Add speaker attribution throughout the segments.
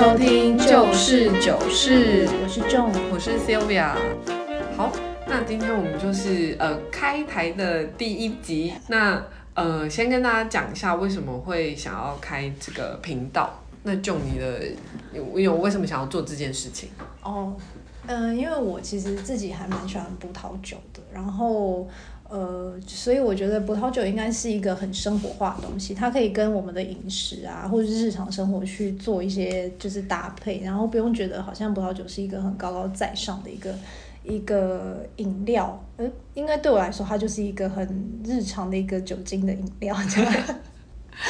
Speaker 1: 收聽就是酒事。
Speaker 2: 嗯，我是仲，我是 Sylvia。好，那今天我們就是呃開台的第一集。那呃，先跟大家講一下為什麼會想要開這個頻道。那仲你的，你有為為什麼想要做這件事情？
Speaker 1: 哦，嗯，因為我其實自己還蠻喜歡葡萄酒的，然後。呃，所以我覺得葡萄酒應該是一個很生活化的東西，它可以跟我們的飲食啊，或者日常生活去做一些就是搭配，然後不用覺得好像葡萄酒是一個很高高在上的一個一個飲料，嗯，應該對我來說，它就是一個很日常的一個酒精的飲料，對吧？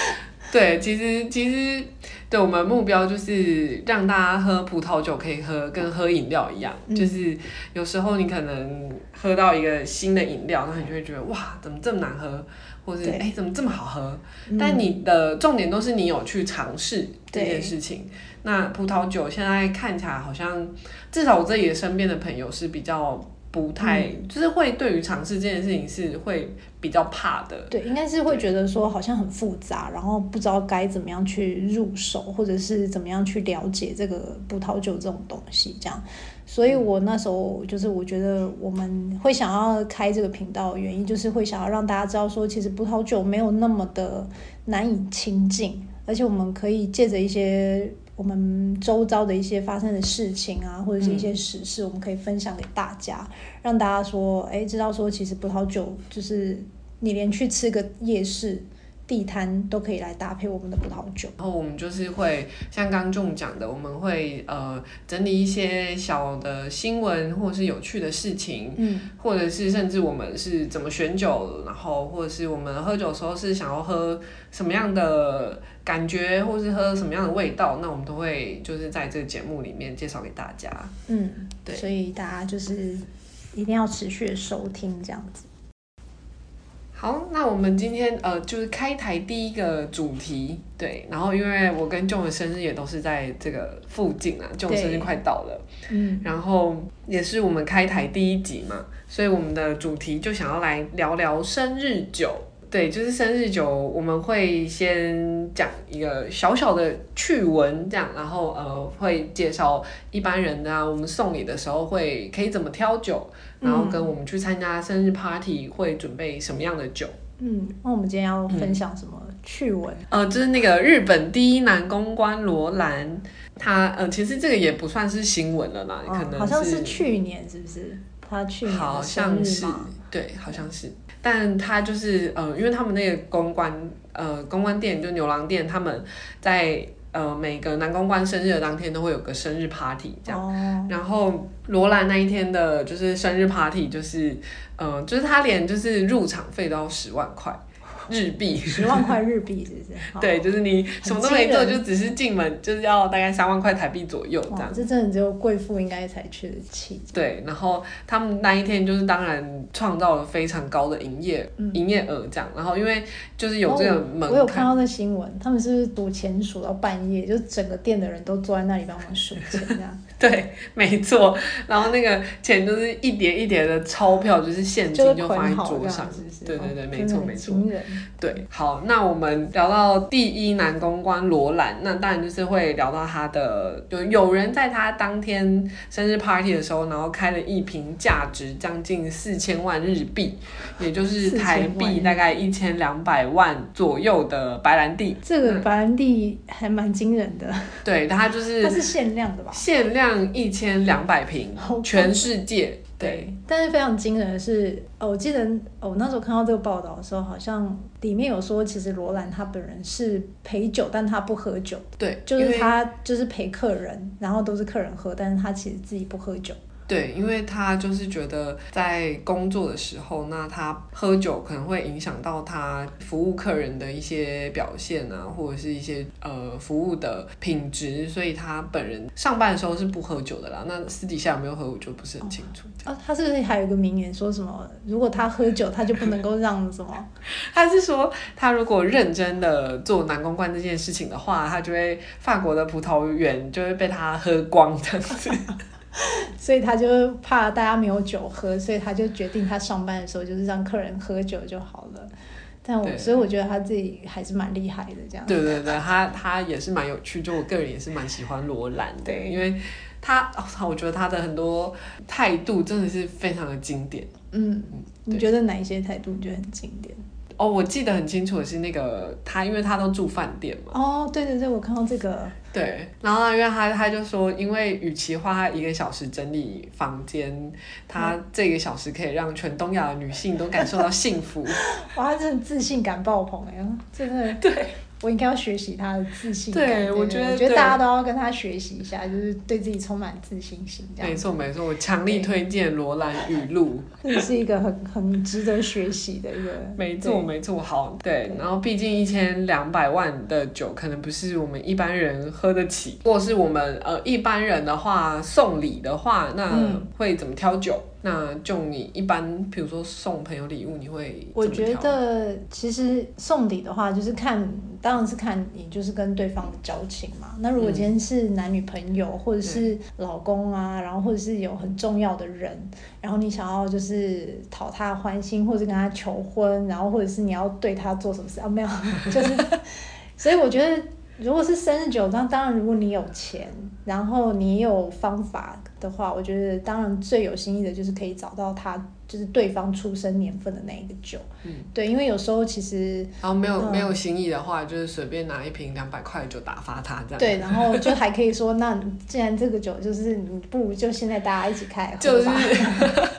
Speaker 2: 對，其實其實，對我們目標就是讓大家喝葡萄酒可以喝跟喝飲料一樣，嗯、就是有時候你可能喝到一個新的飲料，那你就會覺得哇，怎麼這麼難喝，或者哎對，怎麼這麼好喝？嗯、但你的重點都是你有去嘗試這件事情。對那葡萄酒現在看起來好像，至少我自己的身邊的朋友是比較。不太，嗯、就是會對於嘗試這件事情是會比較怕的。
Speaker 1: 對，應該是會覺得說好像很複雜，對然後不知道該怎麼樣去入手，或者是怎麼樣去了解這個葡萄酒這種東西這樣。所以我那時候就是我覺得我們會想要開這個頻道的原因，就是會想要讓大家知道說，其實葡萄酒沒有那麼的難以親近，而且我們可以借着一些。我們周遭的一些發生的事情啊，或者是一些時事，我們可以分享給大家，嗯、讓大家說，哎、欸，知道說其實葡萄酒就是你連去吃個夜市。地攤都可以來搭配我們的葡萄酒，然
Speaker 2: 後我們就是會像剛剛講的，我們會呃整理一些小的新聞或是有趣的事情，嗯，或者是甚至我們是怎麼選酒，然後或者是我們喝酒時候是想要喝什麼樣的感覺，嗯，或是喝什麼樣的味道，那我們都會就是在這個節目裡面介紹給大家，嗯，對，
Speaker 1: 所以大家就是一定要持續的收聽這樣子。
Speaker 2: 好，那我們今天呃，就是開台第一個主題，對，然後因為我跟 Joan 的生日也都是在這個附近啦，Joan 對生日快到了，嗯，然後也是我們開台第一集嘛，所以我們的主題就想要來聊聊生日酒。對，就是生日酒，我們會先講一個小小的趣聞，這樣，然後呃，會介紹一般人啊，我們送禮的時候會可以怎麼挑酒，
Speaker 1: 然後跟我們
Speaker 2: 去參加生日 party 會準備什麼樣的酒。嗯，嗯，那
Speaker 1: 我們今天要分享什麼、嗯、趣聞？
Speaker 2: 呃，就是那個日本第一男公關羅蘭，他呃，其實這個也不算是新聞了啦、哦、可能是好像是去
Speaker 1: 年，是不是？他去年好像是，
Speaker 2: 對，好像是。但他就是，呃，因為他們那個公關，呃，公關店就牛郎店，他們在，呃，每個男公關生日的當天都會有個生日 party 這樣，Oh. 然後羅蘭那一天的就是生日 party 就是，嗯、呃，就是他連就是入場費都要十萬塊，日幣十萬塊
Speaker 1: 日幣，是不是？對，
Speaker 2: 就是你什麼都沒做，就只是進門，就是要大概三萬塊台幣左右，這樣。這
Speaker 1: 真的只有貴婦應該才去得起。
Speaker 2: 對，然後他們那一天就是當然創造了非常高的營業營、嗯、業額這樣。然後因為就是有這個門檻、嗯，哦我，我有
Speaker 1: 看到那新聞，他們是不是賭錢數到半夜，就整個店的人都坐在那裡幫我們數錢
Speaker 2: 這樣？ 對，沒錯。然後那個錢就是一疊一疊的鈔票，就是現金就放在桌上。是是對對對，哦、沒錯錯沒錯。對，好，那我們聊到第一男公關羅蘭，那當然就是會聊到他的，就有人在他當天生日 party 的時候，然後開了一瓶價值將近四千萬日幣，也就是台幣大概一千兩百萬左右的白蘭地。
Speaker 1: 那這個白蘭地還蠻驚人的，
Speaker 2: 對，它就是它是
Speaker 1: 限量的吧？
Speaker 2: 限量一千兩百瓶， 全世界。
Speaker 1: 對，但是非常驚人的是，哦，我記得我那時候看到這個報道的時候，好像裡面有說，其實羅蘭他本人是陪酒，但他不喝酒。對，就是他就是陪客人，因為然後都是客人喝，但是他其實自己不喝酒。
Speaker 2: 對，因為他就是覺得在工作的時候，那他喝酒可能會影響到他服務客人的一些表現啊，或者是一些呃服務的品質，所以他本人上班的時候是不喝酒的啦。那私底下有沒有喝，我就不是很清楚、哦。啊，
Speaker 1: 他是不是還有一個名言，說什麼如果他喝酒，他就不能夠讓什麼？
Speaker 2: 他是說，他如果認真的做男公關這件事情的話，他就會法國的葡萄園就會被他喝光的
Speaker 1: 所以他就怕大家沒有酒喝，所以他就決定他上班的時候就是讓客人喝酒就好了。但我對所以我覺得他自己還是蠻厲害的，這樣。對對
Speaker 2: 對，他他也是蠻有趣，就我個人也是蠻喜歡羅蘭的，對因為他我覺得他的很多態度真的是非常的經典。嗯，嗯你
Speaker 1: 覺得哪一些態度你覺得很
Speaker 2: 經典？哦，我記得很清楚的是那個他，因為他都住飯店嘛。
Speaker 1: 哦，對對對，我看到這個。
Speaker 2: 對，然後因為他他就說，因為與其花一個小時整理房間，他這個小時可以讓全東亞的女性都感受到幸福。
Speaker 1: 哇，這種自信感爆棚哎！真的對。對我應該要學習他的自信對，對我覺得，我覺得大家都要跟他學習一下，對就是對自己充滿自信心這樣。沒
Speaker 2: 錯，沒錯，我強力推薦對羅蘭語錄，
Speaker 1: 這也是一個很 很值得學習的一個。沒錯，對沒
Speaker 2: 錯，好，對，對然後畢竟一千兩百萬的酒可能不是我們一般人喝得起，如果是我們呃一般人的話，送禮的話，那會怎麼挑酒？嗯那就你一般，比如說送朋友禮物，你會？我覺得
Speaker 1: 其實送禮的話，就是看，當然是看你就是跟對方的交情嘛。那如果今天是男女朋友，或者是老公啊，嗯、然後或者是有很重要的人，然後你想要就是討他歡心，或者跟他求婚，然後或者是你要對他做什麼事啊？沒有，就是， 所以我覺得。如果是生日酒，那當然，如果你有錢，然後你有方法的話，我覺得當然最有心意的就是可以找到他。就是對方出生年份的那一個酒，嗯，對，因為有時候其實然後沒有、嗯、沒有
Speaker 2: 心意的話，就是隨便拿一瓶兩百塊的酒打發他這樣。對，然後就
Speaker 1: 還可以說， 那既然這個酒就是，你不如就現在大家一起開，就是，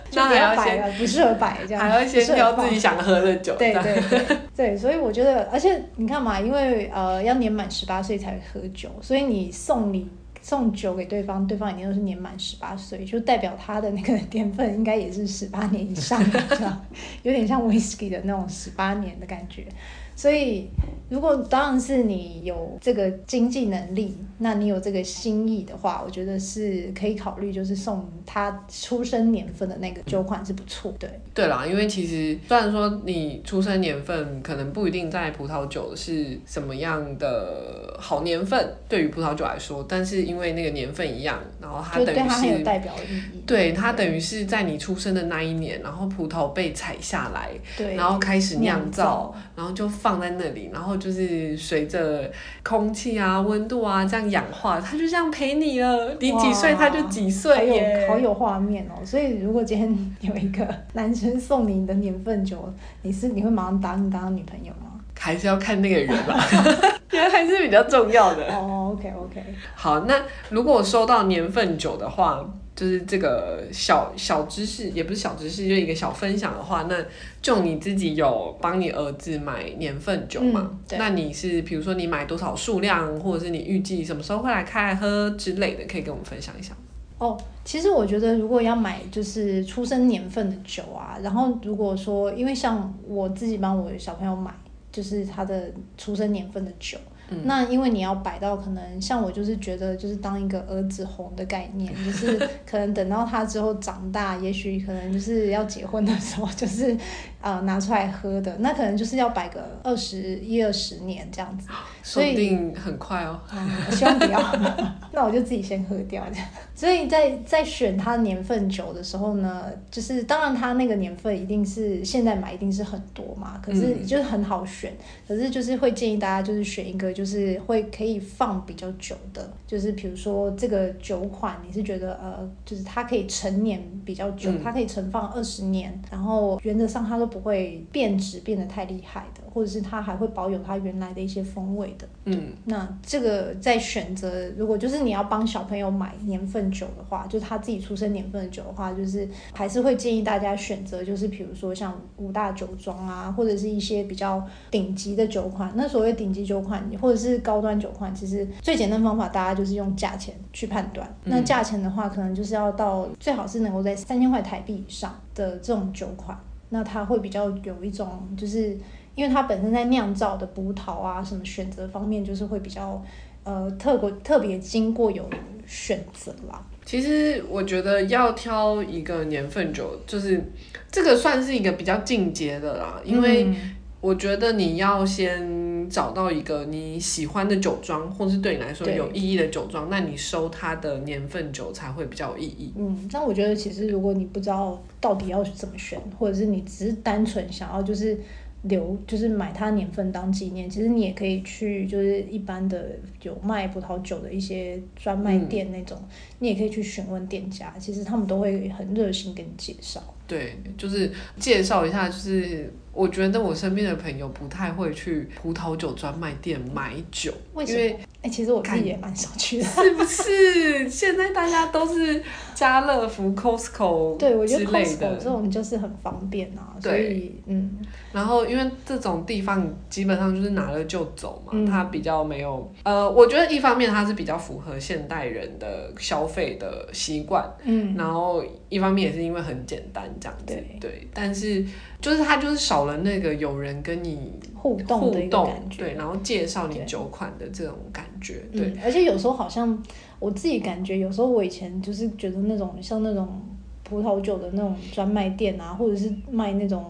Speaker 1: 就不要擺了，不適合擺這樣，還要先挑自己想喝的酒。對對對， 對，所以我覺得，而且你看嘛，因為呃要年滿十八歲才會喝酒，所以你送禮。送酒給對方，對方已經都是年滿十八歲，就代表他的那個年份應該也是十八年以上， 是有點像 whisky 的那種十八年的感覺。所以，如果當然是你有這個經濟能力，那你有這個心意的話，我覺得是可以考慮，就是送他出生年份的那個酒款，是不錯。對
Speaker 2: 對啦，因為其實雖然說你出生年份可能不一定在葡萄酒是什麼樣的好年份，對於葡萄酒來說，但是因為那個年份一樣，然後它等於是對它很有代表意義。對，對它等於是在你出生的那一年，然後葡萄被採下來，對，然後開始釀造，造然後就放。放在那裡，然後就是隨着空氣啊、溫度啊這樣氧化，他就這樣陪你了。你幾歲，他就
Speaker 1: 幾歲耶，好有畫面哦、喔。所以，如果今天有一個男生送你你的年份酒，你是你會馬上答應當他女朋友嗎？
Speaker 2: 還是要看那個人吧，
Speaker 1: 人還 是比
Speaker 2: 較重要的。哦、
Speaker 1: oh,，OK OK。
Speaker 2: 好，那如果收到年份酒的話。就是這個小小知識，也不是小知識，就一個小分享的話，那就你自己有幫你兒子買年份酒嗎？嗯，對。那你是比如說你買多少數量，或者是你預計什麼時候會來開喝之類的，可以跟我們分享一下。
Speaker 1: 哦，其實我覺得如果要買就是出生年份的酒啊，然後如果說因為像我自己幫我的小朋友買，就是他的出生年份的酒。那因為你要擺到可能像我就是覺得就是當一個兒子紅的概念，就是可能等到他之後長大， 也許可能就是要結婚的時候就是。呃，拿出來喝的，那可能就是要擺個二十一二十年這樣子，所以說不定很快哦，嗯，希望不要。 那我就自己先喝掉。所以在，在在選它年份酒的時候呢，就是當然它那個年份一定是現在買一定是很多嘛，可是就是很好選，嗯，可是就是會建議大家就是選一個就是會可以放比較久的，就是比如說這個酒款你是覺得呃，就是它可以陳年比較久，它，嗯，可以存放二十年，然後原則上它都。不會變質變得太厲害的，或者是它還會保有它原來的一些風味的。嗯，那這個在選擇，如果就是你要幫小朋友買年份酒的話，就他自己出生年份的酒的話，就是還是會建議大家選擇，就是比如說像五大酒莊啊，或者是一些比較頂級的酒款。那所謂頂級酒款，或者是高端酒款，其實最簡單的方法，大家就是用價錢去判斷。嗯、那價錢的話，可能就是要到最好是能夠在三千塊台幣以上的這種酒款。那它會比較有一種，就是因為它本身在釀造的葡萄啊，什麼選擇方面，就是會比較呃，特過特別經過有選擇啦。
Speaker 2: 其實我覺得要挑一個年份酒，就是這個算是一個比較進階的啦，因為。嗯我覺得你要先找到一個你喜歡的酒莊，或者是對你來說有意義的酒莊，對那你收它的年份酒才會比較有意義。
Speaker 1: 嗯，但我覺得其實如果你不知道到底要怎麼選，或者是你只是單純想要就是留，就是買它年份當紀念，其實你也可以去就是一般的有賣葡萄酒的一些專賣店那種，嗯，你也可以去詢問店家，其實他們都會很熱心給你介紹。
Speaker 2: 對，就是介紹一下就是。我覺得我身邊的朋友不太會去葡萄酒專賣店買酒。
Speaker 1: 為什麼？因為哎、欸，其實我也蠻小趣看也蠻想去的，是不是？現在大家都是家樂福、 Costco 之
Speaker 2: 類的，我覺得 Costco 這種就是很方便啊。對，所以，嗯。然後因為這種地方，基本上就是拿了就走嘛，嗯、它比較沒有呃，我覺得一方面它是比較符合現代人的消費的習慣，嗯、然後一方面也是因為很簡單這樣子，對，對。但是就是它就是少了那個有人跟你。
Speaker 1: 互動的一個感覺，
Speaker 2: 對，然後介紹你酒款的這種感覺，對、對、嗯，而
Speaker 1: 且有時候好像我自己感覺，有時候我以前就是覺得那種像那種葡萄酒的那種專賣店啊，或者是賣那種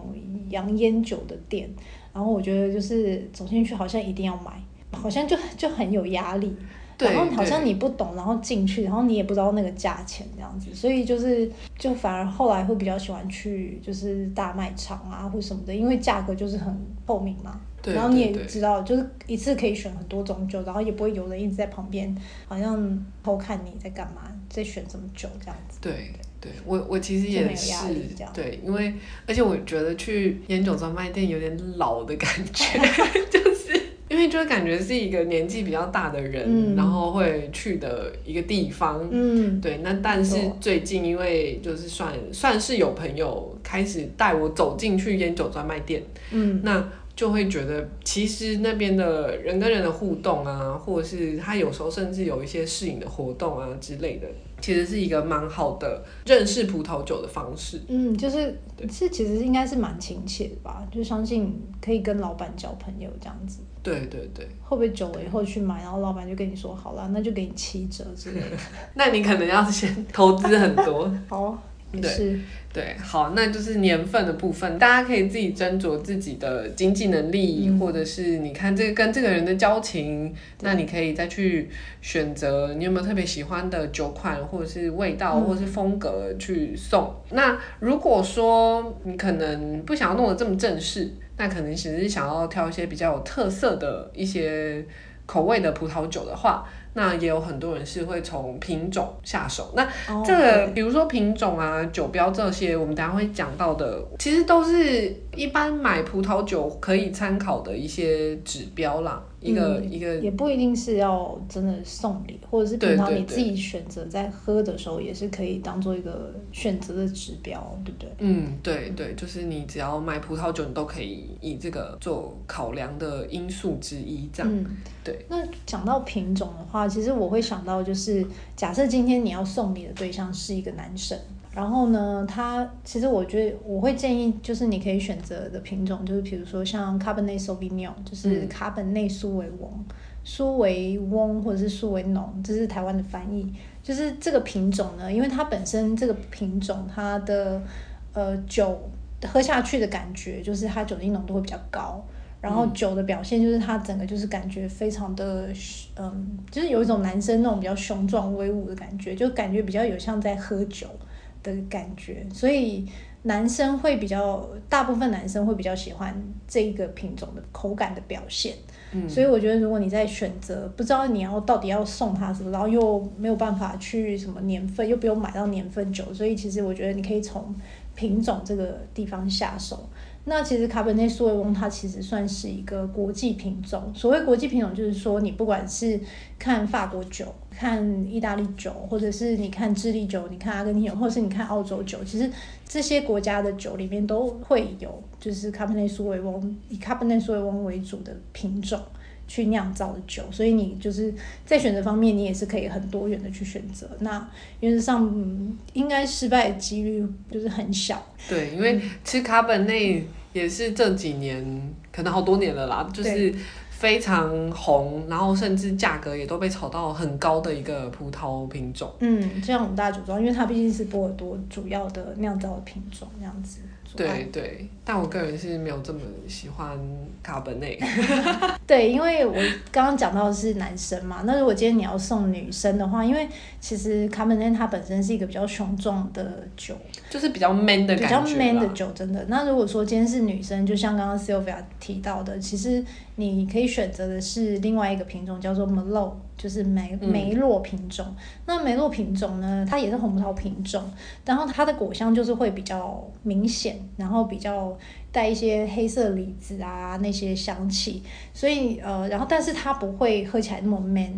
Speaker 1: 洋菸酒的店，然後我覺得就是走進去好像一定要買，好像就就很有壓力。然後好像你不懂，然後進去，然後你也不知道那個價錢這樣子，所以就是就反而後來會比較喜歡去就是大賣場啊或什麼的，因為價格就是很透明嘛。對。對然後你也知道，就是一次可以選很多種酒，然後也不會有人一直在旁邊好像偷看你在幹嘛，在選什麼酒這樣子。
Speaker 2: 對對，我我其實也是就沒有壓力這樣，對，因為而且我覺得去菸酒專賣店有點老的感覺， 就是。因為就感覺是一個年紀比較大的人，嗯、然後會去的一個地方，嗯，對。那但是最近因為就是算、嗯、算是有朋友開始帶我走進去菸酒專賣店，嗯，那就會覺得其實那邊的人跟人的互動啊，或者是他有時候甚至有一些試飲的活動啊之類的，其實是一個蠻好的認識葡萄酒的方式。
Speaker 1: 嗯，就是這對其實應該是蠻親切的吧？就相信可以跟老闆交朋友這樣子。對對對，會不會久了以後去買，對然後老闆就跟你說，好了，那就給你七折之
Speaker 2: 類的。 那你可能要先投資很多 。
Speaker 1: 好。對，
Speaker 2: 是對，好，那就是年份的部分，大家可以自己斟酌自己的經濟能力，嗯、或者是你看這跟這個人的交情，嗯、那你可以再去選擇，你有沒有特別喜歡的酒款，或者是味道，嗯、或者是風格去送。那如果說你可能不想要弄得這麼正式，那可能只是想要挑一些比較有特色的一些口味的葡萄酒的話。那也有很多人是會從品種下手，那這個、oh, okay. 比如說品種啊、酒標這些，我們等下會講到的，其實都是一般買葡萄酒可以參考的一些指標啦，一個、嗯、一個
Speaker 1: 也不一定是要真的送禮，或者是平常你自己選擇在喝的時候也是可以當做一個選擇的指標，對不對？嗯，
Speaker 2: 對對，就是你只要買葡萄酒，你都可以以這個做考量的因素之一，這樣、嗯、對。
Speaker 1: 那講到品種的話，其實我會想到，就是假設今天你要送你的對象是一個男生，然後呢，他其實我覺得我會建議，就是你可以選擇的品種，就是比如說像 Cabernet Sauvignon，就是卡本內蘇維翁、嗯、蘇維翁或者是蘇維濃，這是台灣的翻譯。就是這個品種呢，因為它本身這個品種，它的呃酒喝下去的感覺，就是它的酒精濃度會比較高。然後酒的表現就是它整個就是感覺非常的，嗯，嗯，就是有一種男生那種比較雄壯威武的感覺，就感覺比較有像在喝酒的感覺，所以男生會比較，大部分男生會比較喜歡這一個品種的口感的表現。嗯，所以我覺得如果你在選擇，不知道你要到底要送他什麼，然後又沒有辦法去什麼年份，又不用買到年份酒，所以其實我覺得你可以從品種這個地方下手。那其實卡本內蘇維翁它其實算是一個國際品種。所謂國際品種，就是說你不管是看法國酒、看意大利酒，或者是你看智利酒、你看阿根廷酒，或是你看澳洲酒，其實這些國家的酒裡面都會有，就是卡本內蘇維翁，以卡本內蘇維翁為主的品種去釀造的酒，所以你就是在選擇方面，你也是可以很多元的去選擇。那原則上、嗯、應該失敗的幾率就是很小。
Speaker 2: 對，因為其實卡本內也是這幾年、嗯、可能好多年了啦，就是非常紅，對然後甚至價格也都被炒到很高的一個葡萄品種。
Speaker 1: 嗯，像我們大酒莊，因為它畢竟是波爾多主要的釀造品種，這樣子。對
Speaker 2: 對，但我個人是沒有這麼喜歡卡本內。
Speaker 1: 對，因為我剛剛講到的是男生嘛，那如果今天你要送女生的話，因為其實卡本內它本身是一個比較雄壯的酒，
Speaker 2: 就是比較 man 的感覺，比較 man
Speaker 1: 的酒真的。那如果說今天是女生，就像剛剛 Sylvia 提到的，其實。你可以選擇的是另外一個品種，叫做梅洛，就是梅梅洛品種。嗯、那梅洛品種呢，它也是紅葡萄品種，然後它的果香就是會比較明顯，然後比較帶一些黑色李子啊那些香氣。所以呃，然後但是它不會喝起來那麼悶，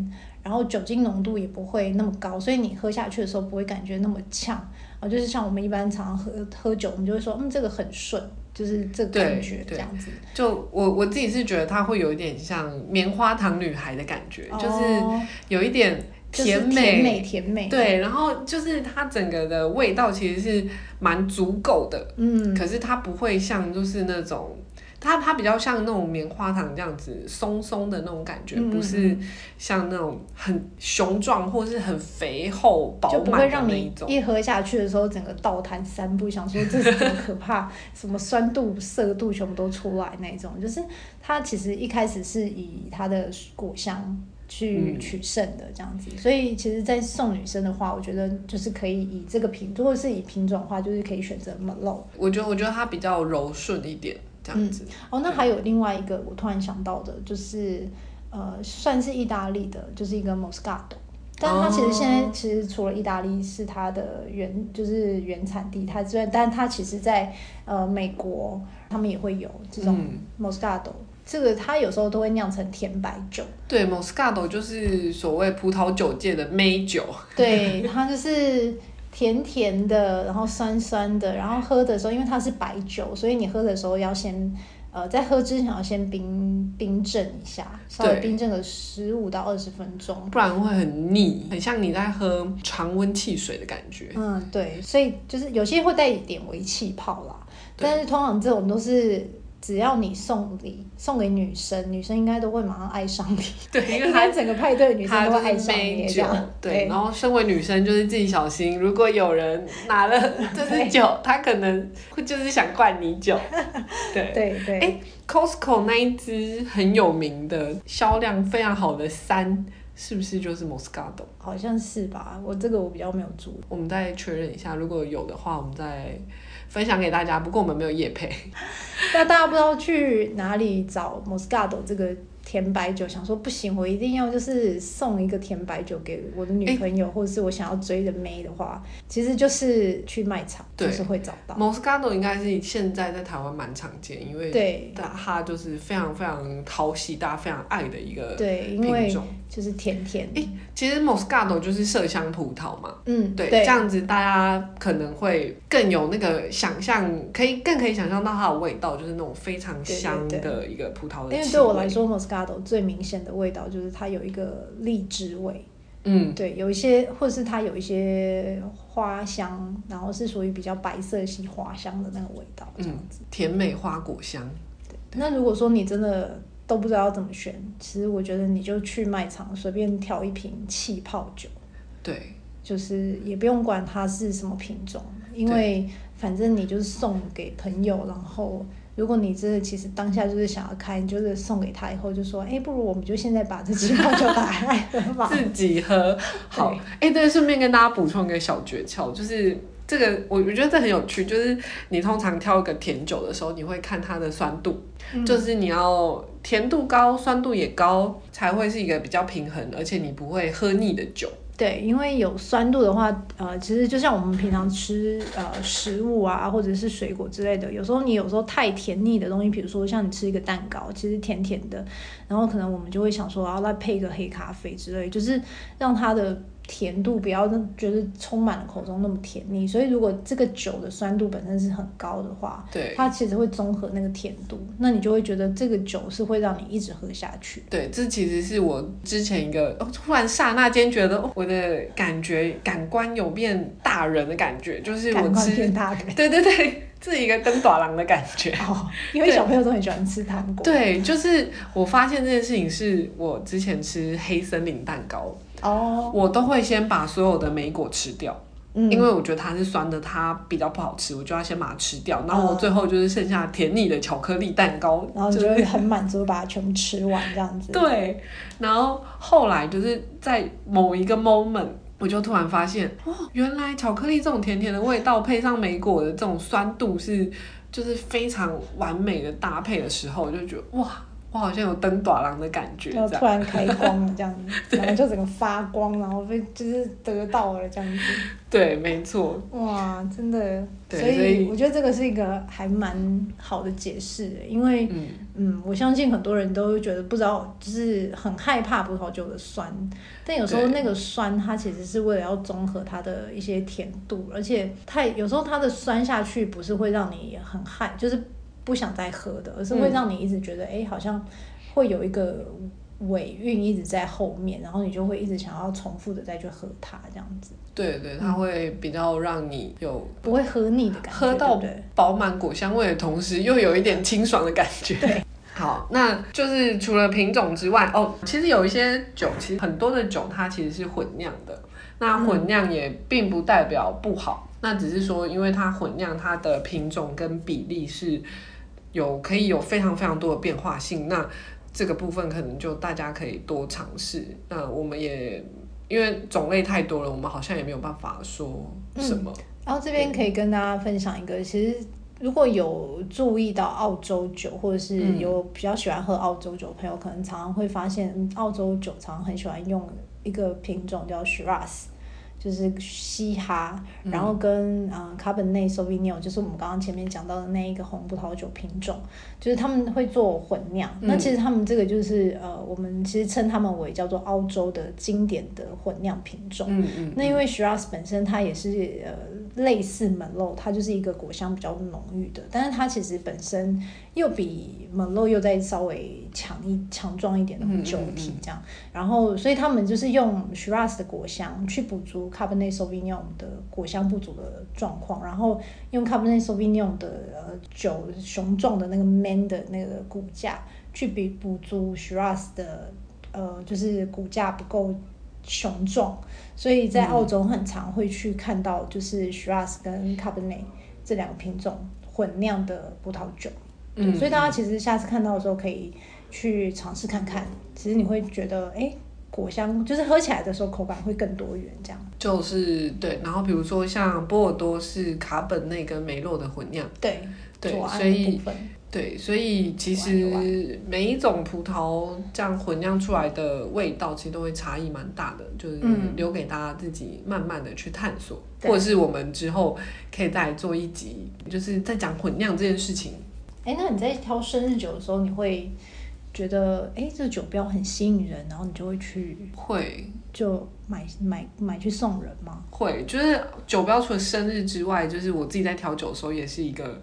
Speaker 1: 然後酒精濃度也不會那麼高，所以你喝下去的時候不會感覺那麼嗆啊，就是像我們一般常常喝喝酒，我們就會說，嗯，這個很順。就是這個感覺，這
Speaker 2: 樣子對對。就我我自己是覺得它會有一點像棉花糖女孩的感覺，哦、就是有一點甜美甜美
Speaker 1: 甜美。對，然
Speaker 2: 後就是它整個的味道其實是蠻足夠的，嗯，可是它不會像就是那種。它它比較像那種棉花糖這樣子鬆鬆的那種感覺，嗯、不是像那種很雄壯或是很肥厚飽滿的那種。就不會讓你一喝
Speaker 1: 下去的時候，整個倒彈三步想，想說這是很可怕？ 什麼酸度、澀度全部都出來那種，就是它其實一開始是以它的果香去取勝的這樣子。嗯、所以其實，在送女生的話，我覺得就是可以以這個品，如果是以品種的話，就是可以選擇 Merlot。我
Speaker 2: 覺得，我覺得它比較柔順一點。
Speaker 1: 這樣子嗯，哦，那還有另外一個我突然想到的，就是，嗯、呃，算是意大利的，就是一個 Moscato，但它其實現在其實除了意大利是它的原就是原產地，它之外，但它其實在呃美國他們也會有這種 Moscato，嗯、這個它有時候都會釀成甜白酒。對，Moscato 就
Speaker 2: 是所謂葡萄酒界的梅酒，對，
Speaker 1: 它就是。 甜甜的，然後酸酸的，然後喝的時候，因為它是白酒，所以你喝的時候要先，呃，在喝之前要先冰冰鎮一下，稍微冰鎮個十五到二十分鐘，不然
Speaker 2: 會很膩，很像你在喝常溫汽水的感覺。嗯，
Speaker 1: 對，所以就是有些會帶一點微氣泡啦，對但是通常這種都是。只要你送禮送給女生，女生應該都會馬上愛上你。對，因為她整個派對女生都會愛上你這樣。Jor, 對，對，然後
Speaker 2: 身為女生就是自己小心，如果有人拿了這支酒，她對可能會就是想灌你酒。對對對。哎、欸、，Costco 那一支很有名的，銷量非常好的三。是不是就是 Moscato？好像是吧，我這個我比較沒有做。我們再確認一下，
Speaker 1: 如果有的話，我們再分享給大家。不過我們沒有業配。那 大家不知道去哪裡找 Moscato 這個甜白酒，想說不行，我一定要就是送一個甜白酒給我的女朋友，欸、或者是我想要追的妹的話，其實就是去賣場，對就是會找到。Moscato 應該是現在在台灣蠻常見，因為
Speaker 2: 它就是非常非常討喜，大家非常愛的一個品種。
Speaker 1: 對就是甜甜誒、欸，其
Speaker 2: 實 Moscato 就是麝香葡萄嘛，嗯，對，
Speaker 1: 對對，這樣子，大家
Speaker 2: 可能會更有那個想象可以更可以想象到它的味道，就是那種非常香的一個葡萄的味道對對對。因為對我來
Speaker 1: 說，Moscato 最明顯的味道就是它有一個荔枝味，嗯，對，有一些或者是它有一些花香，然後是屬於比較白色系花香的那個味
Speaker 2: 道，這樣子、嗯、甜美花果香。
Speaker 1: 對對那如果說你真的。都不知道要怎麼選，其實我覺得你就去賣場隨便挑一瓶氣泡酒，對，就是也不用管它是什麼品種，因為反正你就是送給朋友。然後，如果你真的其實當下就是想要開，你就是送給他以後就說，哎、欸，不如我們就現在把這氣泡酒打
Speaker 2: 開， 自己喝。好，哎，對，順、欸、便跟大家補充一個小訣竅，就是。這個我我覺得這很有趣，就是你通常挑一個甜酒的時候，你會看它的酸度，嗯、就是你要甜度高、酸度也高，才會是一個比較平衡，而且你不會喝膩的酒。
Speaker 1: 對，因為有酸度的話，呃，其實就像我們平常吃呃食物啊，或者是水果之類的，有時候你有時候太甜膩的東西，比如說像你吃一個蛋糕，其實甜甜的，然後可能我們就會想說，然後再配一個黑咖啡之類，就是讓它的。甜度不要那覺得充滿了口中那麼甜膩，所以如果這個酒的酸度本身是很高的話，對，它其實會綜合那個甜度，那你就會覺得這個酒是會讓你一直喝下去。對，
Speaker 2: 這其實是我之前一個、哦、突然剎那間覺得我的感覺感官有變大人的感覺，就是我吃感官
Speaker 1: 變大人。對對對，
Speaker 2: 這是一個燈大郎的感覺、 哦，因為
Speaker 1: 小朋友都很喜歡吃糖果。對，
Speaker 2: 對，就是我發現這件事情是我之前吃黑森林蛋糕。哦，oh, 我都會先把所有的莓果吃掉，嗯、因為我覺得它是酸的，它比較不好吃，我就要先把它吃掉。然後最後就是剩下甜膩的巧克力蛋糕，uh, 就是，然後就很
Speaker 1: 滿足把它全部吃完這樣子。 對，
Speaker 2: 然後後來就是在某一個 moment，我就突然發現，哦，原來巧克力這種甜甜的味道配上莓果的這種酸度是，就是非常完美的搭配的時候，我就覺得哇。我好像有登短狼的感覺，然後突然開光
Speaker 1: 了這樣子， 對然後就整個發光，然後被就是得到了這樣
Speaker 2: 子。對，沒錯。
Speaker 1: 哇，真的，對所以我覺得這個是一個還蠻好的解釋，嗯、因為嗯，我相信很多人都會覺得不知道，就是很害怕葡萄酒的酸，但有時候那個酸它其實是為了要綜合它的一些甜度，而且太有時候它的酸下去不是會讓你很害，就是。不想再喝的，而是會讓你一直覺得，哎、嗯欸，好像會有一個尾韻一直在後面，然後你就會一直想要重複的再去喝它這樣子。
Speaker 2: 對對，對嗯、它會比較讓你有
Speaker 1: 不會喝膩的感
Speaker 2: 覺，喝到飽滿果香味的同時，嗯、又有一點清爽的感覺。對。好，那就是除了品種之外，哦，其實有一些酒，其實很多的酒它其實是混釀的，那混釀也並不代表不好，嗯、那只是說因為它混釀，它的品種跟比例是。有可以有非常非常多的變化性，那這個部分可能就大家可以多嘗試。那我們也因為種類太多了，我們好像也沒有辦法說什麼。
Speaker 1: 嗯、然後這邊可以跟大家分享一個，嗯、其實如果有注意到澳洲酒，或者是有比較喜歡喝澳洲酒的朋友，嗯、可能常常會發現澳洲酒常常很喜歡用一個品種叫 Shiraz 就是嘻哈，然後跟呃卡本內蘇維尼歐，嗯呃、ignon, 就是我們剛剛前面講到的那一個紅葡萄酒品種，就是他們會做混釀。嗯、那其實他們這個就是呃，我們其實稱他們為叫做澳洲的經典的混釀品種。嗯嗯嗯、那因為 Shiraz 本身它也是呃類似 Merlot 它就是一個果香比較濃郁的，但是它其實本身又比 Merlot 又再稍微強一強壯一點的酒體這樣。嗯嗯嗯、然後所以他們就是用 Shiraz 的果香去補足。Cabernet Sauvignon 的果香不足的狀況，然後用 Cabernet Sauvignon 的呃酒雄壯的那個 Man 的那個骨架去比補足 Shiraz 的呃就是骨架不夠雄壯，所以在澳洲很常會去看到就是 Shiraz 跟 Cabernet 這兩個品種混釀的葡萄酒。嗯，所以大家其實下次看到的時候可以去嘗試看看，其實你會覺得哎。誒果香就是喝起來的時候口感會更多元，這
Speaker 2: 樣。就是對，然後比如說像波爾多是卡本內跟梅洛的混釀。
Speaker 1: 對。左岸的部
Speaker 2: 分。對，所以對，所以其實每一種葡萄這樣混釀出來的味道，其實都會差異蠻大的，就是留給大家自己慢慢的去探索，嗯、或者是我們之後可以再做一集，就是在講混釀這件事情。
Speaker 1: 哎、欸，那你在挑生日酒的時候，你會？覺得哎，這個酒標很吸引人，然後你就會去，會就買買買去送人嗎？
Speaker 2: 會，就是酒標除了生日之外，就是我自己在挑酒的時候也是一個，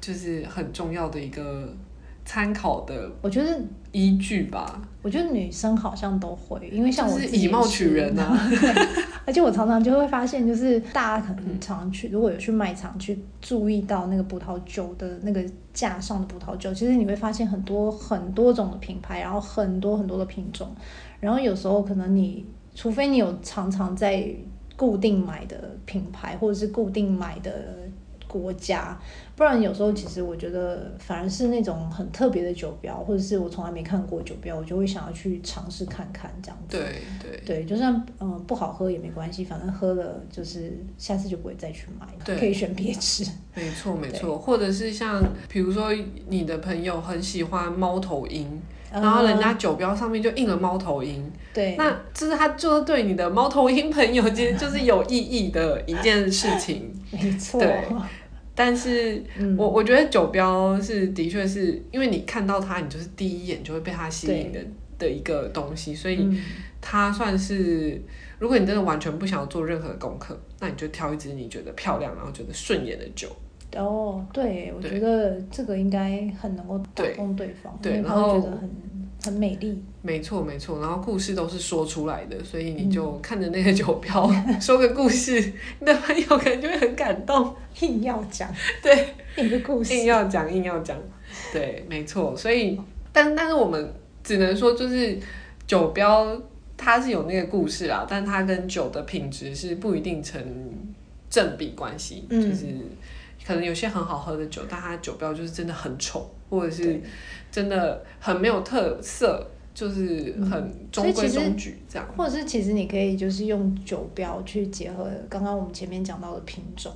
Speaker 2: 就是很重要的一個。
Speaker 1: 參考的，我覺得依據吧我、就是。我覺得女生好像都會，因為像我是，是以貌取人吶、啊。 而且我常常就會發現，就是大家很常去，嗯、如果有去賣場去注意到那個葡萄酒的那個架上的葡萄酒，其實你會發現很多很多種的品牌，然後很多很多的品種。然後有時候可能你除非你有常常在固定買的品牌，或者是固定買的。國家，不然有時候其實我覺得反而是那種很特別的酒標，或者是我從來沒看過酒標，我就會想要去嘗試看看這樣子。對對對，就算嗯不好喝也沒關係，反正喝了就是下次就不會再去買了，對可以選別支，
Speaker 2: 沒錯沒錯，對或者是像比如說你的朋友很喜歡貓頭鷹，
Speaker 1: 嗯、然後人家
Speaker 2: 酒標上面就印了貓頭鷹，對，那就是他就是對你的貓頭鷹朋友，其實就是有意義的一件事情。 沒錯錯。但是、嗯、我我覺得酒標是的確是，因為你看到它，你就是第一眼就會被它吸引的對的一個東西，所以、嗯、它算是，如果你真的完全不想要做任何功課，那你就挑一支你覺得漂亮，然後覺得順眼的酒。
Speaker 1: 哦，對，我覺得這個應該很能夠打動對方，對，對，然後覺得很。很美麗，
Speaker 2: 沒錯沒錯，然後故事都是說出來的，所以你就看着那個酒標說個故事，你的朋友可能就會很感動，硬要講，對，硬的故事，硬要講，硬要講，對，沒錯，所以，但但是我們只能說，就是酒標它是有那個故事啊，但它跟酒的品質是不一定成正比關係，嗯，就是可能有些很好喝的酒，但它酒標就是真的很醜，或者是。真的很沒有特色，就是很中規中矩這樣，
Speaker 1: 嗯，或者是其實你可以就是用酒標去結合剛剛我們前面講到的品種，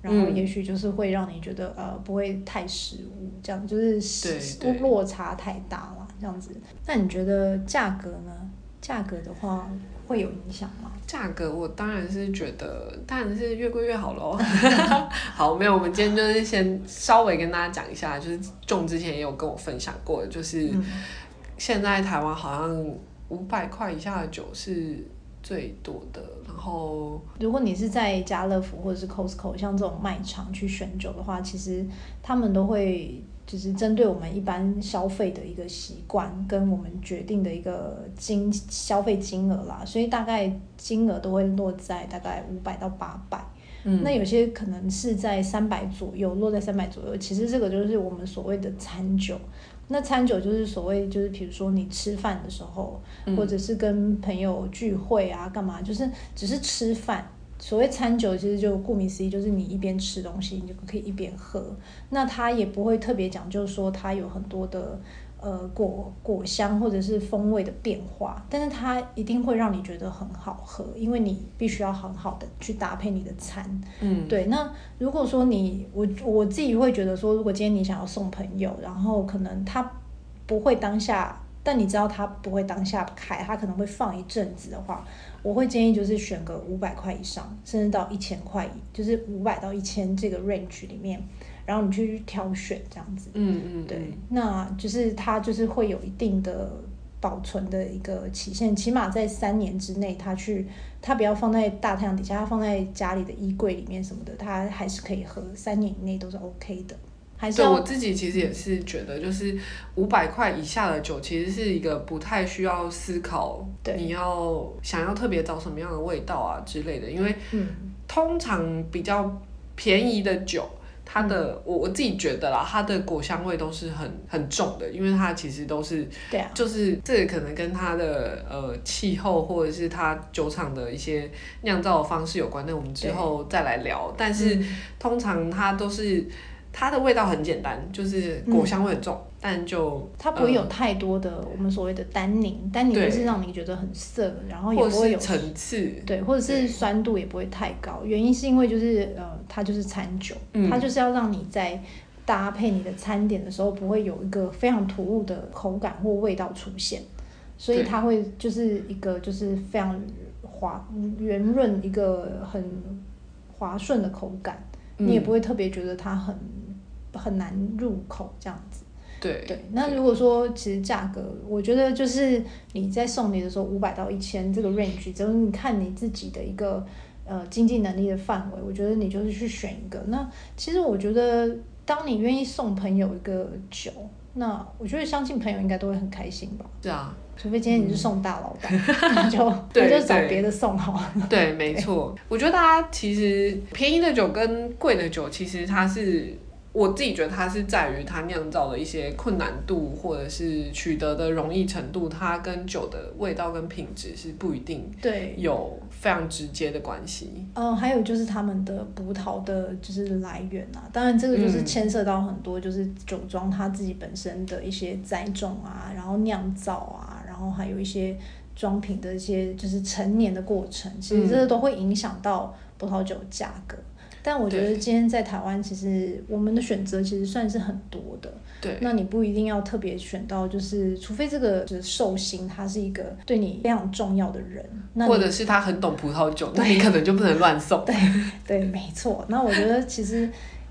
Speaker 1: 然後也許就是會讓你覺得、嗯、呃不會太失誤，這樣就是對對對，落差太大了這樣子。那你覺得價格呢？價格的話會有影響嗎？價格
Speaker 2: 我當然是覺得，當然是越貴越好嘍。 好，沒有，我們今天就是先稍微跟大家講一下，就是中之前也有跟我分享過，就是現在台灣好像五百塊以下的酒
Speaker 1: 是最多的。然後，如果你是在家樂福或者是 Costco，像這種賣場去選酒的話，其實他們都會。就是針對我們一般消費的一個習慣，跟我們決定的一個金消費金額啦，所以大概金額都會落在大概五百到八百，嗯，
Speaker 2: 那有些
Speaker 1: 可能是在三百左右，落在三百左右，其實這個就是我們所謂的餐酒。那餐酒就是所謂就是比如說你吃飯的時候，或者是跟朋友聚會啊幹嘛，就是只是吃飯。所謂餐酒，其實就顧名思義，就是你一邊吃東西，你就可以一邊喝。那它也不會特別講究說它有很多的呃果果香或者是風味的變化，但是它一定會讓你覺得很好喝，因為你必須要很好的去搭配你的餐。嗯，對。那如果說你我我自己會覺得說，如果今天你想要送朋友，然後可能他不會當下，但你知道他不會當下開，他可能會放一陣子的話。我會建議就是選個五百塊以上，甚至到一千塊，就是五百到一千這個 range 裡面，然後你去挑選這樣子。嗯，嗯嗯，對，那就是它就是會有一定的保存的一個期限，起碼在三年之內，它去它不要放在大太陽底下，它放在家裡的衣櫃裡面什麼的，它還是可以喝，三年以內都是 OK 的。還對，我自己其
Speaker 2: 實也是覺得，就是五百塊以下的酒，其實是一個不太需要思考，你要想要特別找什麼樣的味道啊之類的，因為通常比較便宜的酒，它的我我自己覺得啦，它的果香味都是很很重的，因為它其實都是，對啊，就是這個可能跟它的呃氣候或者是它酒廠的一些釀造的方式有關，那我們之後再來聊。對但是通常它都是。它的味道很簡單，就是果香味很重，嗯、但就它不會有太
Speaker 1: 多的、嗯、我們所謂的單寧，單寧對就是讓你覺得很澀，然後也不會有層次對，或者是酸度也不會太高。對原因是因為就是呃，它就是餐酒，嗯、它就是要讓你在搭配你的餐點的時候不會有一個非常突兀的口感或味道出現，所以它會就是一個就是非常滑圓潤一個很滑順的口感，嗯、你也不會特別覺得它很。很難入口這樣子，對,對那如果說其實價格，對我覺得就是你在送禮的時候，五百到一千這個 range，就是 你看你自己的一個呃經濟能力的範圍。我覺得你就是去選一個。那其實我覺得，當你願意送朋友一個酒，那我覺得相信朋友應該都會很開心吧。是啊，除非今天你是送大老板，嗯、 你就那 對就找別的送好了對。對， 對對沒錯。我覺得大家其實便宜的酒跟
Speaker 2: 貴的酒，其實它是。我自己覺得它是在於它釀造的一些困難度，或者是取得的容易程度，它跟酒的味道跟品質是不一定有非常直接的關係。
Speaker 1: 嗯、呃，還有就是他們的葡萄的，就是來源啊，當然這個就是牽涉到很多，就是酒莊它自己本身的一些栽種啊，然後釀造啊，然後還有一些裝瓶的一些就是陳年的過程，其實這都會影響到葡萄酒價格。但我覺得今天在台灣，其實我們的選擇其實算是很多的。對，那你不一定要特別選到，就是除非這個就是壽星他是一個對你非常重要的人，或者
Speaker 2: 是他很懂葡萄酒，那對你可能就不能亂送。對，
Speaker 1: 對，沒錯。那我覺得其實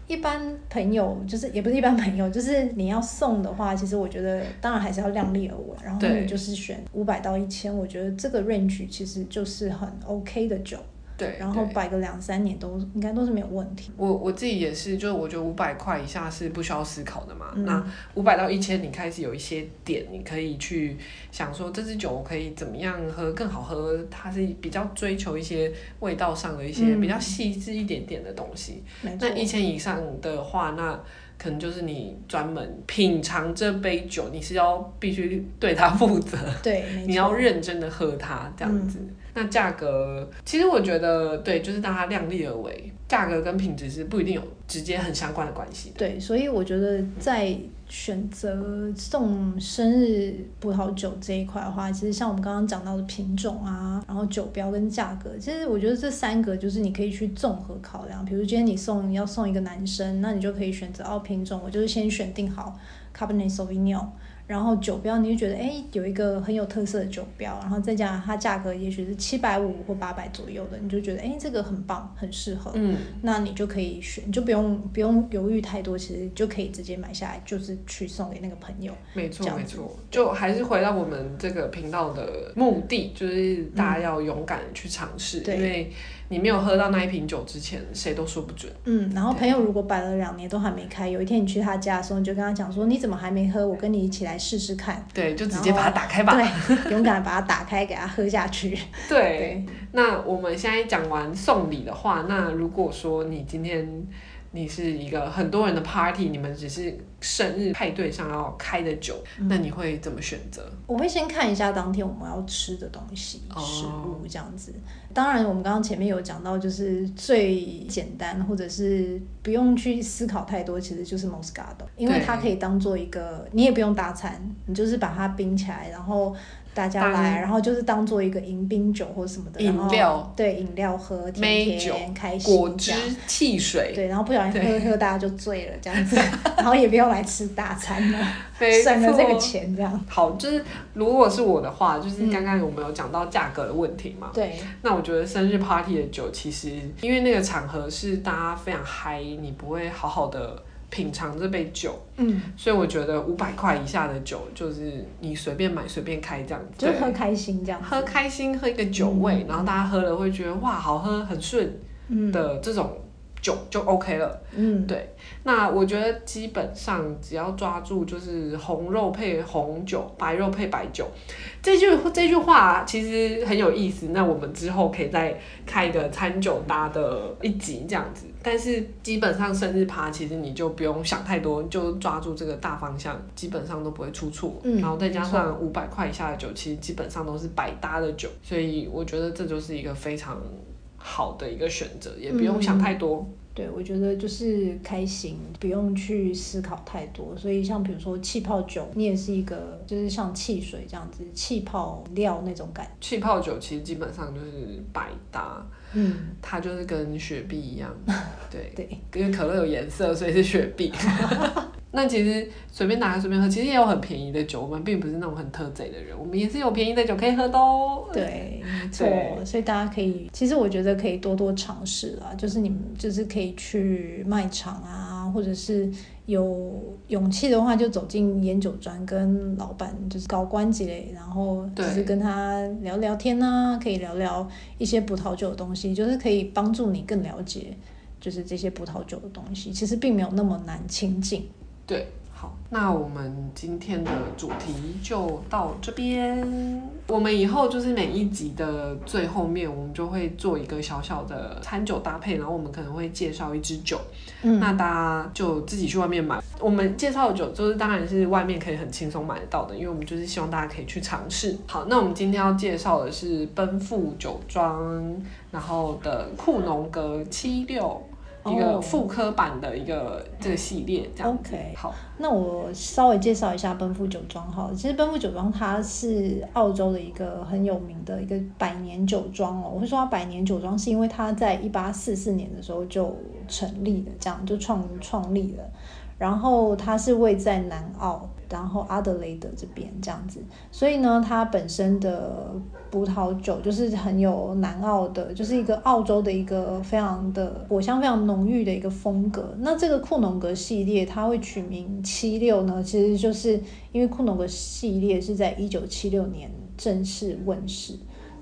Speaker 1: 一般朋友，就是也不是一般朋友，就是你要送的話，其實我覺得當然還是要量力而為，然後你就是選五百到一千，我覺得這個 range 其實就是很 OK 的酒。對，然後擺個兩三年都對應該都是沒有問題。
Speaker 2: 我我自己也是，就是我覺得五百塊以下是不需要思考的嘛。嗯、那五百到一千，你開始有一些點，你可以去想說這支酒可以怎麼樣喝更好喝，它是比較追求一些味道上的一些比較細緻一點點的東西。嗯、那一千以上的話，那可能就是你專門品嚐這杯酒，你是要必須對它負責。嗯、對，你要認真的喝它這樣子。嗯那價格其實我覺得對，就是大家量力而為，價格跟品質是不一定有直接很相關的關係。
Speaker 1: 對，所以我覺得在選擇送生日葡萄酒這一塊的話，嗯、其實像我們剛剛講到的品種啊，然後酒標跟價格，其實我覺得這三個就是你可以去綜合考量。比如今天你送你要送一個男生，那你就可以選擇哦品種，我就是先選定好 Cabernet Sauvignon。然後酒標，你就覺得哎，有一個很有特色的酒標，然後再加上它價格也許是七百五或八百左右的，你就覺得哎，這個很棒，很適合，嗯，那你就可以選，你就不用不用猶豫太多，其實就可以直接買下來，就是去送給那個朋友。沒錯，
Speaker 2: 沒錯，就還是回到我們這個頻道的目的，嗯，就是大家要勇敢去嘗試，嗯，因為。你沒有喝到那一瓶酒之前，誰都說不準。嗯，
Speaker 1: 然後朋友如果擺了兩年都還沒開，有一天你去他家的時候，你就跟他講說：“你怎麼還沒喝？我跟你一起來試試看。”對，就直接把它打開吧，啊、對 勇敢把它打開，給他喝下去。對，
Speaker 2: 對，那我們現在講完送禮的話，那如果說你今天。你是一個很多人的 party，你們只是生日派對上要開的酒，嗯、那你會怎麼選擇？
Speaker 1: 我會先看一下當天我們要吃的東西，食物這樣子。Oh. 當然，我們剛剛前面有講到，就是最簡單或者是不用去思考太多，其實就是 Moscato，因為它可以當做一個，對你也不用搭餐，你就是把它冰起來，然後。大家來，然、然後就是當做一個迎賓酒或什麼的，飲料對飲料喝，美酒，果汁、汽水、嗯，對，然後不小心喝喝，對大家就醉了這樣子， 然後也不用來吃大餐了，錯算了這個錢這樣。
Speaker 2: 好，就是如果是我的話，就是剛剛我們有講到價格的問題嘛，對、嗯，那我覺得生日 party 的酒其實，因為那個場合是大家非常嗨，你不會好好的。品嚐這杯酒，嗯，所以我覺得五百塊以下的酒，就是你隨便買、隨便開這樣子，就喝
Speaker 1: 開心這樣，喝
Speaker 2: 開心、喝一個酒味，嗯、然後大家喝了會覺得哇，好喝，很順的這種酒就 OK 了，嗯，對。那我覺得基本上只要抓住就是紅肉配紅酒，白肉配白酒，這句這句話其實很有意思。那我們之後可以再開一個餐酒搭的一集這樣子。但是基本上生日趴其實你就不用想太多，就抓住這個大方向，基本上都不會出錯。嗯，然後再加上五百塊以下的酒，嗯，其實基本上都是百搭的酒，所以我覺得這就是一個非常好的一個選擇，也不用想太多。嗯。
Speaker 1: 對，我覺得就是開心，不用去思考太多。所以像比如說氣泡酒，你也是一個，就是像汽水這樣子，氣泡料那種感覺。
Speaker 2: 氣泡酒其實基本上就是百搭，嗯，它就是跟雪碧一樣。對、嗯、對，對因為可樂有顏色，對所以是雪碧。 那其實隨便拿，隨便喝，其實也有很便宜的酒。我們並不是那種很特賊的人，我們也是有便宜的酒可以喝的哦、喔。對，沒
Speaker 1: 錯 對。所以大家可以，其實我覺得可以多多嘗試啦。就是你們就是可以去賣場啊，或者是有勇氣的話，就走進煙酒專跟老闆就是搞關係嘞。然後就是跟他聊聊天啊，對可以聊聊一些葡萄酒的東西，就是可以幫助你更了解就是這些葡萄酒的東西。其實並沒有那麼難親近。
Speaker 2: 對，好，那我們今天的主題就到這邊。我們以後就是每一集的最後面，我們就會做一個小小的餐酒搭配，然後我們可能會介紹一支酒，嗯，那大家就自己去外面買。我們介紹的酒，就是當然是外面可以很輕鬆買得到的，因為我們就是希望大家可以去嘗試。好，那我們今天要介紹的是奔富酒莊，然後的庫濃格七六。一個復刻版的一個這個系列，這樣子 OK 好。
Speaker 1: 那我稍微介紹一下奔富酒莊哈。其實奔富酒莊它是澳洲的一個很有名的一個百年酒莊哦。我會說它百年酒莊是因為它在一八四四年的時候就成立的，這樣就創創立了。然後它是位在南澳，然後阿德雷德這邊這樣子，所以呢，它本身的葡萄酒就是很有南澳的，就是一個澳洲的一個非常的果香非常濃郁的一個風格。那這個庫濃格系列，它會取名七六呢，其實就是因為庫濃格系列是在一九七六年正式問世。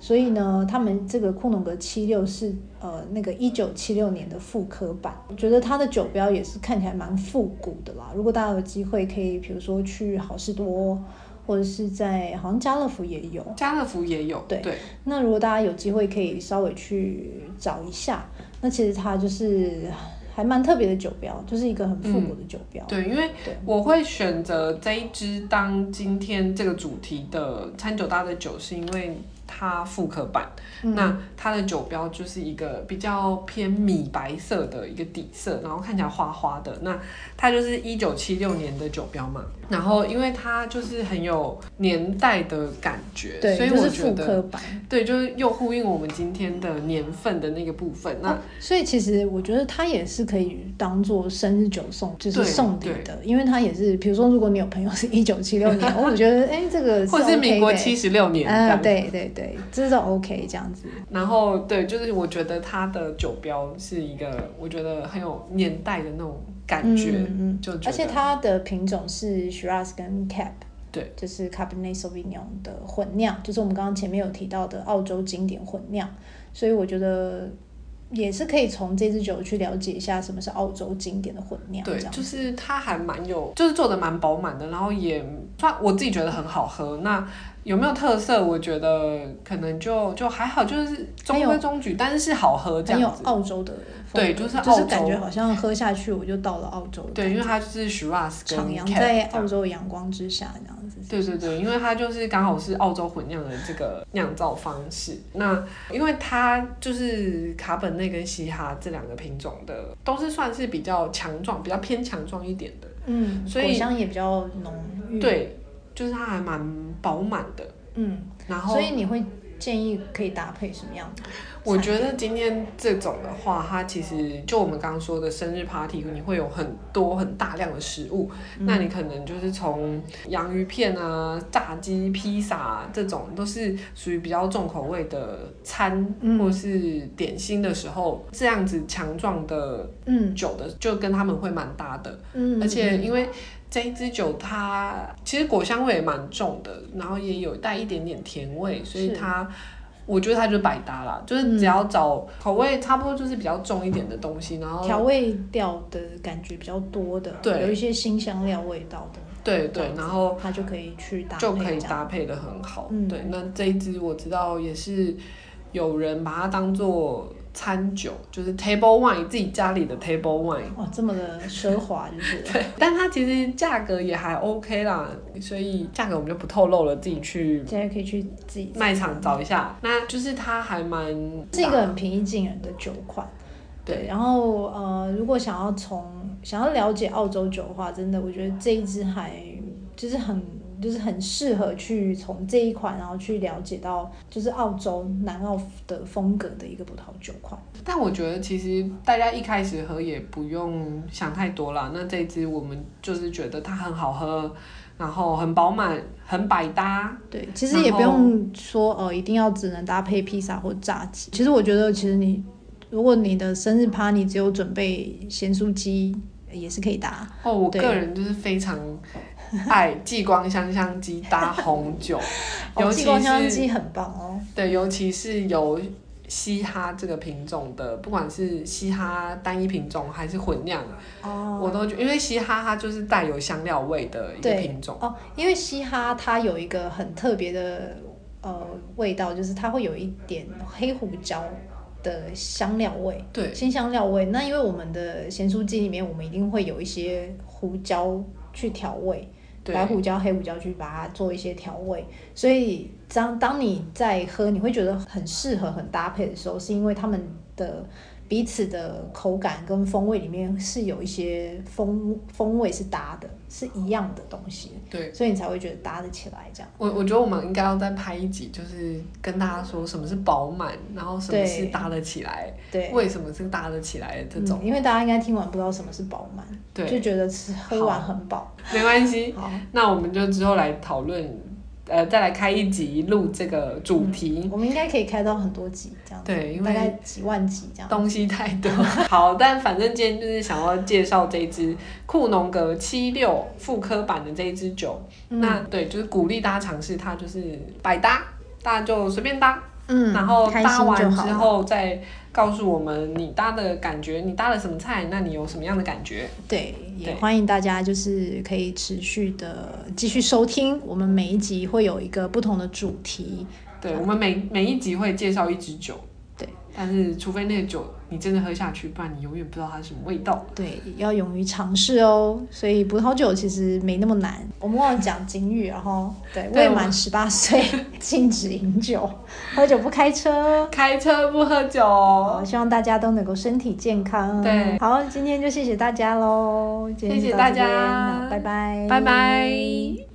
Speaker 1: 所以呢，他們這個庫濃格七六，是呃那個一九七六年的復刻版，我覺得它的酒標也是看起來蠻復古的啦。如果大家有機會，可以比如說去好事多，或者是在好像家樂福也有，家樂福也有。對對。對，那如果大家有機會可以稍微去找一下，那其實它就是還蠻特別的酒標，就是一個很復古的酒標。嗯、對，因
Speaker 2: 為對我會選擇這一支當今天這個主題的餐酒搭的酒，是因為。它複刻版，嗯、那它的酒標就是一個比較偏米白色的一個底色，然後看起來花花的。那它就是一九七六年的酒標嘛。然後因為它就是很有年代的感覺，對，所以我覺得複刻版，對，就是又呼應我們今天的年份的那個部分。那、
Speaker 1: 啊、所以其實我覺得它也是可以當做生日酒送，就是送禮的，對對，因為它也是，比如說如果你有朋友是一九七六年， 我覺得哎、欸、這個是、OK、或者是民國七十
Speaker 2: 六年對對、啊、對。
Speaker 1: 對對對這都 OK 這樣子，
Speaker 2: 然後對，就是我覺得它的酒標是一個，我覺得很有
Speaker 1: 年代的那種感覺，嗯，嗯就而且它的品種是 Shiraz 跟 Cab 對，就是 Cabernet Sauvignon 的混釀，就是我們剛剛前面有提到的澳洲經典混釀，所以我覺得也是可以從這支酒去了解一下什麼是澳洲經典的混釀，對，就
Speaker 2: 是它還蠻有，就是做的蠻飽滿的，然後也算我自己覺得很好喝，嗯、那。有沒有特色？我覺得可能就就還好，就是中規中矩，有但是是好喝這樣子。很
Speaker 1: 有澳洲的，對，就是澳洲。就是感覺好像喝下去我就到了澳洲。對，因為它
Speaker 2: 是 Shiraz 跟 Cabernet。徜徉在
Speaker 1: 澳洲陽光之下，這樣子。對
Speaker 2: 對對，因為它就是剛好是澳洲混釀的這個釀造方式。 那因為它就是卡本內跟西哈這兩個品種的，都是算是比較強壯、比較偏強壯一點的。
Speaker 1: 嗯，所以香
Speaker 2: 也比較濃郁。對。就是它還蠻飽滿的，嗯，然後所以你
Speaker 1: 會建議可以搭配什麼樣的？我覺得
Speaker 2: 今天這種的話，它其實就我們剛剛說的生日 party，你會有很多很大量的食物，嗯，那你可能就是從洋芋片啊，炸雞、披薩、啊、這種都是屬於比較重口味的餐，嗯，或是點心的時候，這樣子強壯的、嗯，酒的就跟他們會蠻搭的，嗯，而且因為。這一支酒，它其實果香味也蠻重的，然後也有帶一點點甜味，嗯、所以它，我覺得它就百搭啦，就是只要找口味差不多，就是比較重一點的東西，嗯、然後調
Speaker 1: 味調的感覺比較多的，對有一些辛香料味道的，
Speaker 2: 對對，然後它就可以去搭配，就可以搭配的很好。嗯、對，那這一支我知道也是有人把它當做。餐酒就是 table wine，自己家裡的 table wine，
Speaker 1: 哇、哦，這麼的奢華，就是。 對，
Speaker 2: 但它其實價格也還 OK 啦，所以價格我們就不透露了，自己去。現
Speaker 1: 在可以去自己賣場找一下。那就是它還蠻是一個很平易近人的酒款。對，對，然後呃，如果想要從想要了解澳洲酒的話，真的我覺得這一支還就是很。就是很適合去從這一款，然後去了解到就是澳洲南澳的風格的一個葡萄酒款。
Speaker 2: 但我覺得其實大家一開始喝也不用想太多了。那這一支我們就是覺得它很好喝，然後很飽滿，很百搭。對，其實也不用
Speaker 1: 說後呃，一定要只能搭配披薩或炸雞。其實我覺得，其實你如果你的生日趴你只有準備鹹酥雞，呃，也是可以搭哦，我對個人就是非常。
Speaker 2: 愛，繼 光香香雞搭紅酒， 尤其是、哦、光香香雞很棒哦。對，尤其是有希哈這個品種的，不管是希哈單一品種還是混釀，哦、我都覺得，
Speaker 1: 因為希哈它就是帶有香料味的一個品種。哦，因為希哈它有一個很特別的呃味道，就是它會有一點黑胡椒的香料味。對，新香料味。那因為我們的鹹酥雞裡面，我們一定會有一些胡椒去調味。對白胡椒、黑胡椒去把它做一些調味，所以當當你在喝，你會覺得很適合、很搭配，的時候，是因為他們的。彼此的口感跟風味裡面是有一些風風味是搭的，是一樣的東西。對，所以你才會覺得搭得起來這樣。我我覺得我們應該要再拍一集，就是跟大家說什麼是飽
Speaker 2: 滿，然後什麼是搭得起來，對為什麼是搭得起來的這種，
Speaker 1: 嗯。因為大家應該聽完不知道什麼是飽滿，對就覺得吃喝完很飽。沒關係，
Speaker 2: 好那我們就之後來討論。呃，再來開一集錄這個主題，嗯、我們應該可以開到很
Speaker 1: 多集這樣，對，因為大概幾萬集這樣，東西太多。
Speaker 2: 嗯、好，但反正今天就是想要介紹這一支庫濃格七六復刻版的這一支酒，嗯、那對，就是鼓勵大家嘗試它，就是百搭，大家就隨便搭。嗯，然後搭完之後再告訴我們你搭的感覺，好你搭了什麼菜，那你有什麼樣的感覺？
Speaker 1: 對，對也歡迎大家就是可以持續的繼續收聽，我們每一集會有一個不同的主題。對，吧我們每每一集會介
Speaker 2: 紹一支酒。對，但是除非那酒。你真的喝下去，不然你永遠不知道它是什麼味道。
Speaker 1: 對，要勇於嘗試哦。所以葡萄酒其實沒那麼難。我們忘了講警語，然後對，未滿十八歲禁止飲酒， 喝酒不開車，開車不喝酒。希望大家都能夠身體健康。對，好，今天就謝謝大家嘍！謝謝大家，拜拜，拜拜。